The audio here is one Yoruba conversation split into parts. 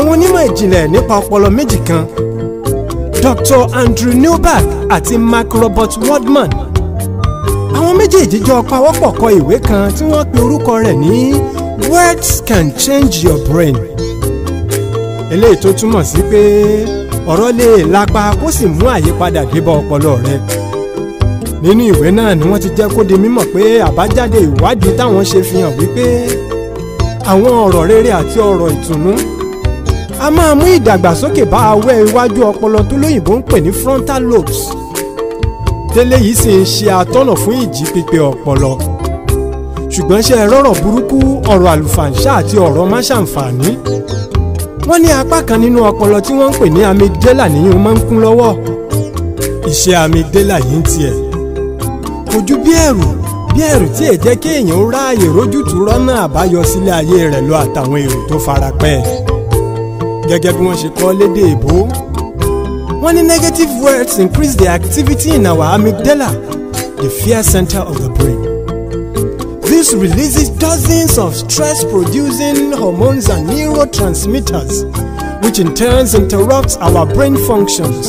àwọn onímọ̀ ìjìnlẹ̀ nípa ọpọlọ méjì kan Dr. Andrew Newberg àti Mark Robert Waldman àwọn méjèèjì jọ pawọ́pọ̀ kọ ìwé kan tí wọ́n pe orúkọ rẹ̀ ní Words Can Change Your Brain eléyìí tó túmọ̀ sí pé ọ̀rọ̀ lè lápa kó sì mú àyípadà dé bá ọpọlọ rẹ nínú ìwé náà ni wọ́n ti jẹ́ kó di mímọ̀ pé àbájáde ìwádìí táwọn ṣe fi hàn wípé àwọn ọ̀rọ̀ rere àti ọ̀rọ̀ ìtùnú a máa mú ìdàgbàsókè bá awẹ́ iwájú ọpọlọ tó lóyìnbó ń pè ní frontal lobes tẹ́lẹ̀ yìí sì ń ṣe àtọ́nà fún ìjí pípé ọpọlọ ṣùgbọ́n ṣe rọ́rọ̀ burúkú ọ̀rọ̀ àlùfàǹṣá àti ọ̀rọ̀ máṣàǹfààní wọ́n ní apá kan nínú ọpọlọ tí wọ́n ń pè ní amidela nìyẹn máa ń kún lọ́wọ́ iṣẹ́ amidela yìí ń tiẹ̀ kò bí ẹ̀rù bí ẹ̀rù tí è jẹ́ kéèyàn ó ráàyè rójútùú rọ́nà àbáyọ sílé ayé rẹ̀ lọ àtàwọn èrò tó farapẹ́ ẹ̀ gẹ́gẹ́ bí wọ́n ṣe kọ́ lédè èbó. wọ́n ní negative words increase the activity in our amygdala the fear center of the brain. This releases dozens of stress-producing hormones and neurotransmitters, which in turn interrupts our brain functions,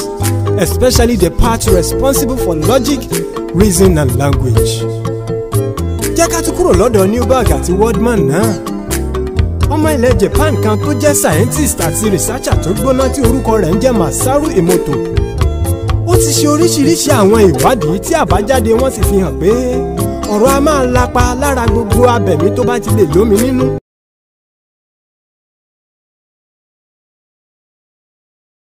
especially the part responsible for logic, reason and language. jẹ́ ká tún kúrò lọ́dọ̀ Newberg àti Wordman náà ìpínlẹ̀ Japan kan tó jẹ́ scientist àti researcher tó gbóná tí orúkọ rẹ̀ ń jẹ́ Masaru Emoto ó ti ṣe oríṣiríṣi àwọn ìwádìí tí àbájáde wọn sì fi hàn pé ọ̀rọ̀ a máa lapa lára gbogbo abẹ̀mí tó bá ti lè lómi nínú